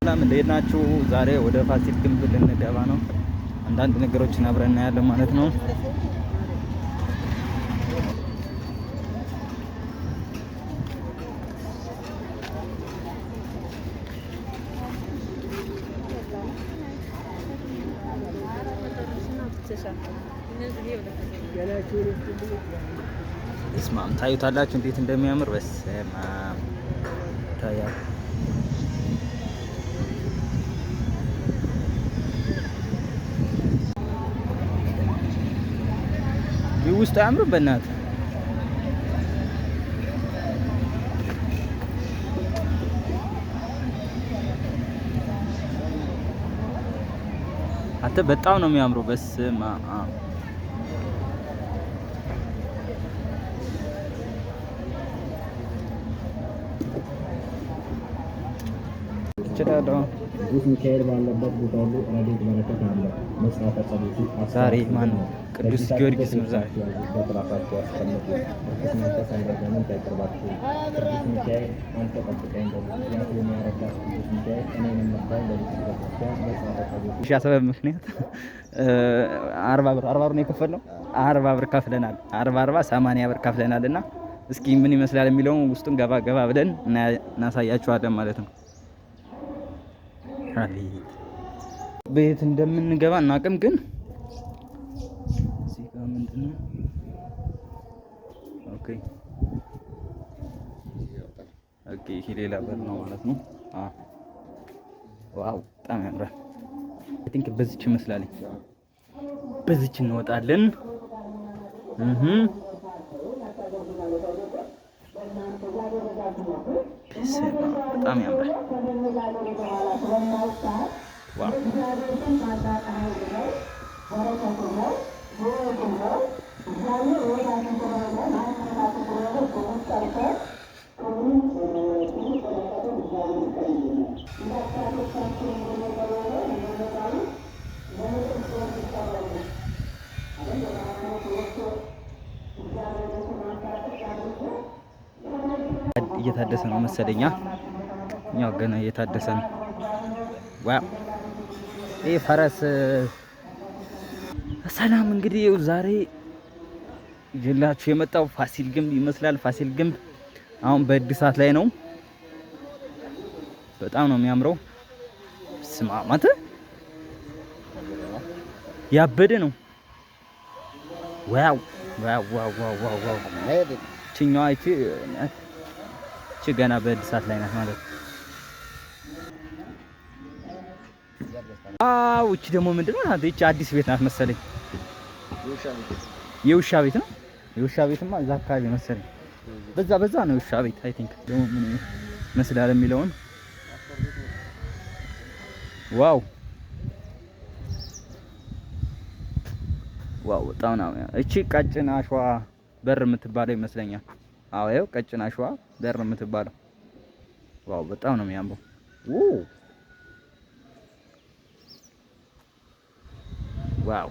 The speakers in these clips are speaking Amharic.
ሰላም እንዴት ናችሁ? ዛሬ ወደ ፋሲል ግንብ ልንገባ ነው። አንዳንድ ነገሮችን አብረን እናያለን ማለት ነው። በስማም ታዩታላችሁ እንዴት እንደሚያምር በስማም ታያ ውስጥ አያምርም በእናት አንተ በጣም ነው የሚያምረው በስማም እችላለሁ። ቅዱስ ሚካኤል ባለበት ቦታ ሁሉ ረድኤት በረከት አለ። መጽሐፈ ጸሎቱ ዛሬ ማን ነው? ቅዱስ ጊዮርጊስ ነው። ዛሬ መንፈስ ቅዱስ ሚካኤል አንተ ጠብቀኝ በሉ። ቅዱስ ሚካኤል በቤተ ክርስቲያን መጽሐፈ ጸሎቱ ምክንያት አርባ ብር አርባ ብር ነው የከፈልነው። አርባ ብር ከፍለናል። አርባ አርባ ሰማንያ ብር ከፍለናል እና እስኪ ምን ይመስላል የሚለውን ውስጡን ገባ ገባ ብለን እናሳያችኋለን ማለት ነው። አቤት ቤት እንደምንገባ እናቅም ግን እዚህ ጋር ምንድን ነው ኦኬ ኦኬ ይሄ ሌላ በር ነው ማለት ነው ዋው በጣም ያምራል አይ ቲንክ በዚች ይመስላለኝ በዚች እንወጣለን በጣም ያምራል ከመናገሩ በኋላ ስለማይቻል እግዚአብሔር እየታደሰ ነው መሰለኛ ያው ገና እየታደሰ ነው። ዋው ይህ ፈረስ ሰላም። እንግዲህ ይኸው ዛሬ ጅላችሁ የመጣው ፋሲል ግንብ ይመስላል። ፋሲል ግንብ አሁን በእድሳት ላይ ነው። በጣም ነው የሚያምረው። ስማማት ያበደ ነው። ዋው ዋው ዋው ዋው ዋው ገና በእድሳት ላይ ናት ማለት ነው። ዋው! እቺ ደግሞ ምንድነው? አንተ እቺ አዲስ ቤት ናት መሰለኝ። የውሻ ቤት ነው። የውሻ ቤትማ እዛ አካባቢ መሰለኝ። በዛ በዛ ነው የውሻ ቤት አይ ቲንክ። ደግሞ ምን መስላል የሚለውን ዋው ዋው በጣም ነው። እቺ ቀጭን አሸዋ በር የምትባለው ይመስለኛል። አዎ ያው ቀጭን አሸዋ በር የምትባለው ዋው፣ በጣም ነው የሚያምረው። ዋው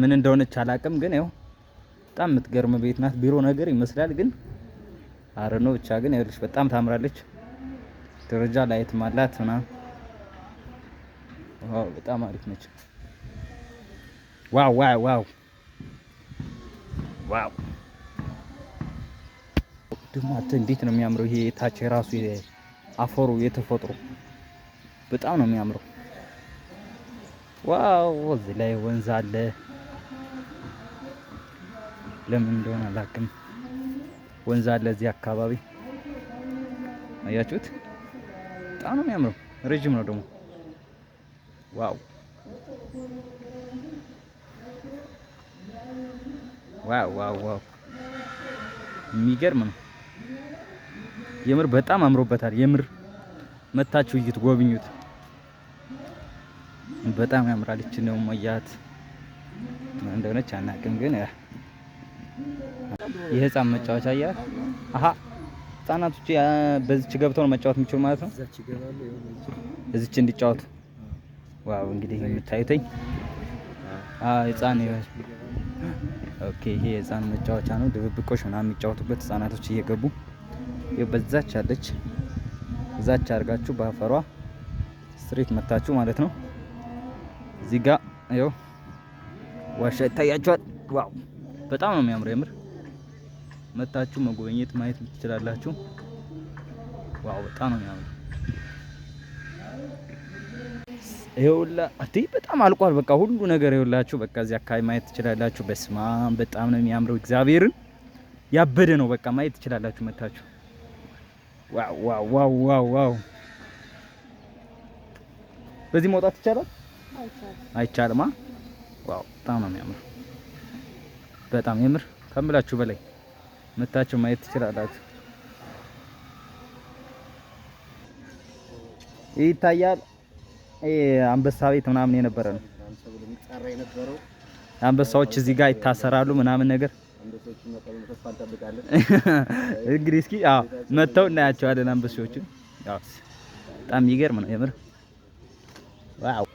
ምን እንደሆነች አላውቅም፣ ግን ያው በጣም የምትገርም ቤት ናት። ቢሮ ነገር ይመስላል ግን አረኖ ብቻ ግን ይኸውልሽ በጣም ታምራለች። ደረጃ ላይትም ማላት ምናምን። ዋው በጣም አሪፍ ነች። ዋው ዋው ዋው ዋው ደግሞ እንዴት ነው የሚያምረው! ይሄ የታች የራሱ አፈሩ የተፈጥሮ በጣም ነው የሚያምረው። ዋው እዚህ ላይ ወንዝ አለ። ለምን እንደሆነ አላውቅም። ወንዝ አለ እዚህ አካባቢ አያችሁት? በጣም ነው የሚያምረው። ረጅም ነው ደግሞ ዋው ዋው ዋው ዋው የሚገርም ነው የምር በጣም አምሮበታል። የምር መታችሁ እዩት፣ ጎብኙት። በጣም ያምራል። እቺ ነው መያት እንደሆነች አናውቅም ግን የህፃን መጫወቻ እያት አሀ ህፃናቶች በዚች ገብተው ነው መጫወት የሚችሉ ማለት ነው። እዚች እንዲጫወቱ ዋው! እንግዲህ የምታዩትኝ ህፃን ኦኬ፣ ይሄ የህፃን መጫወቻ ነው። ድብብቆሽ ምናምን የሚጫወቱበት ህፃናቶች እየገቡ በዛች አለች፣ እዛች አድርጋችሁ በአፈሯ ስትሬት መታችሁ ማለት ነው። እዚህ ጋ ይኸው ዋሻ ይታያችኋል። ዋው! በጣም ነው የሚያምር የምር መጣችሁ መጎብኘት ማየት ትችላላችሁ። ዋው በጣም ነው የሚያምረው። ይኸውላ አቲ በጣም አልቋል። በቃ ሁሉ ነገር ይኸውላችሁ፣ በቃ እዚህ አካባቢ ማየት ትችላላችሁ። በስማም በጣም ነው የሚያምረው። እግዚአብሔርን ያበደ ነው። በቃ ማየት ትችላላችሁ መታችሁ። ዋው ዋው ዋው ዋው በዚህ መውጣት ይቻላል አይቻልማ? ዋው በጣም ነው የሚያምረው። በጣም የምር ከምላችሁ በላይ መታችሁ ማየት ትችላላችሁ። ይህ ይታያል። አንበሳ ቤት ምናምን የነበረ ነው። አንበሳዎች እዚህ ጋር ይታሰራሉ ምናምን ነገር እንግዲህ እስኪ አዎ መተው እናያቸዋለን አንበሶችን። አዎ በጣም ይገርም ነው የምር። ዋው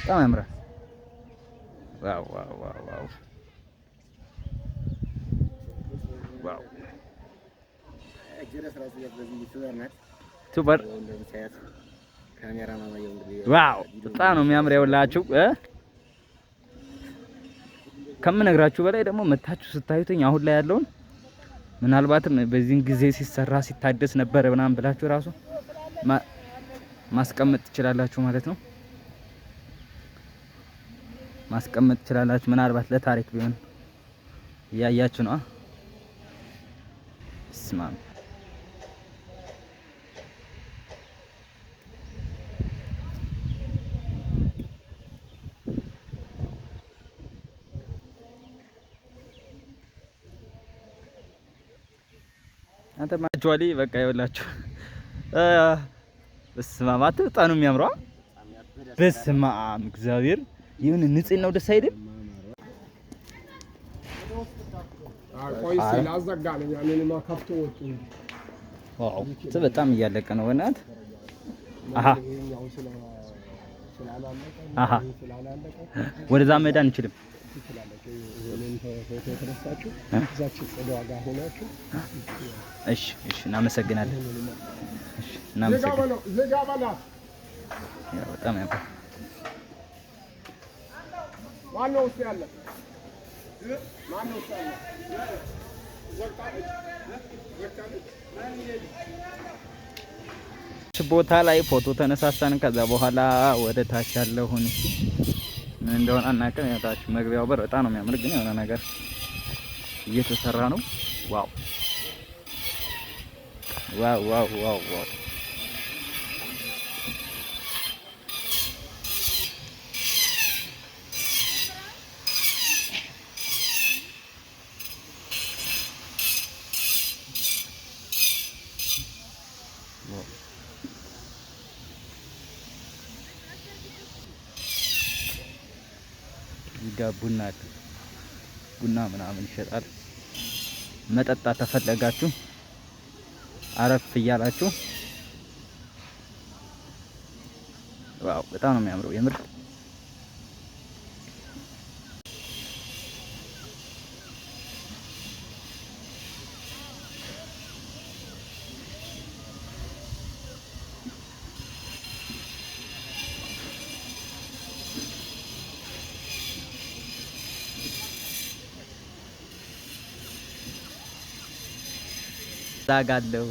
በጣም ያምራል። ዋው ዋው ዋው ሱፐር ዋው በጣም ነው የሚያምር። ያውላችሁ ከምነግራችሁ በላይ ደግሞ መታችሁ ስታዩትኝ አሁን ላይ ያለውን ምናልባትም በዚህን ጊዜ ሲሰራ ሲታደስ ነበረ ምናምን ብላችሁ ራሱ ማስቀመጥ ትችላላችሁ ማለት ነው። ማስቀመጥ ትችላላችሁ። ምናልባት ለታሪክ ቢሆን እያያችሁ ነው። ስማም አንተ ማጆሊ በቃ ይወላችሁ በስመ አብ ጣኑ በጣም በስማ እግዚአብሔር ይሁን። ንጽህ ነው ደስ አይደል? በጣም እያለቀ ነው። እናት አሃ አሃ ወደዛ መሄድ አንችልም። እሺ፣ እሺ፣ እናመሰግናለን። በጣም ቦታ ላይ ፎቶ ተነሳሳን። ከዛ በኋላ ወደ ታች ያለሁን ምን እንደሆነ አናውቅም። መግቢያው በር በጣም ነው የሚያምር፣ ግን የሆነ ነገር እየተሰራ ነው። ዋው ዋው ዋው ዋው ጋር ቡና አለ። ቡና ምናምን ይሸጣል። መጠጣ ተፈለጋችሁ አረፍ እያላችሁ ዋው፣ በጣም ነው የሚያምረው የምር Lagad daw.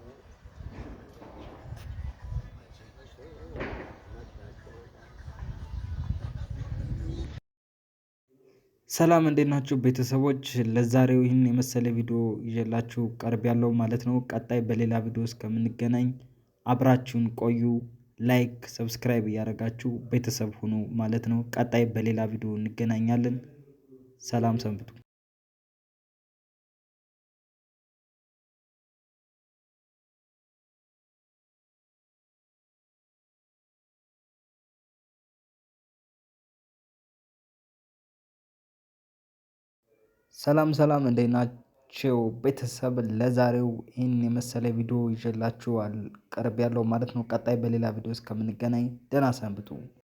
ሰላም እንዴት ናችሁ ቤተሰቦች? ለዛሬው ይህን የመሰለ ቪዲዮ ይዤላችሁ ቀርብ ያለው ማለት ነው። ቀጣይ በሌላ ቪዲዮ እስከምንገናኝ አብራችሁን ቆዩ። ላይክ፣ ሰብስክራይብ እያደረጋችሁ ቤተሰብ ሁኑ ማለት ነው። ቀጣይ በሌላ ቪዲዮ እንገናኛለን። ሰላም ሰንብቱ። ሰላም ሰላም እንዴት ናቸው ቤተሰብ ለዛሬው ይህን የመሰለ ቪዲዮ ይዤላችሁ ያለው ማለት ነው። ቀጣይ በሌላ ቪዲዮ እስከምንገናኝ ደህና ሰንብቱ።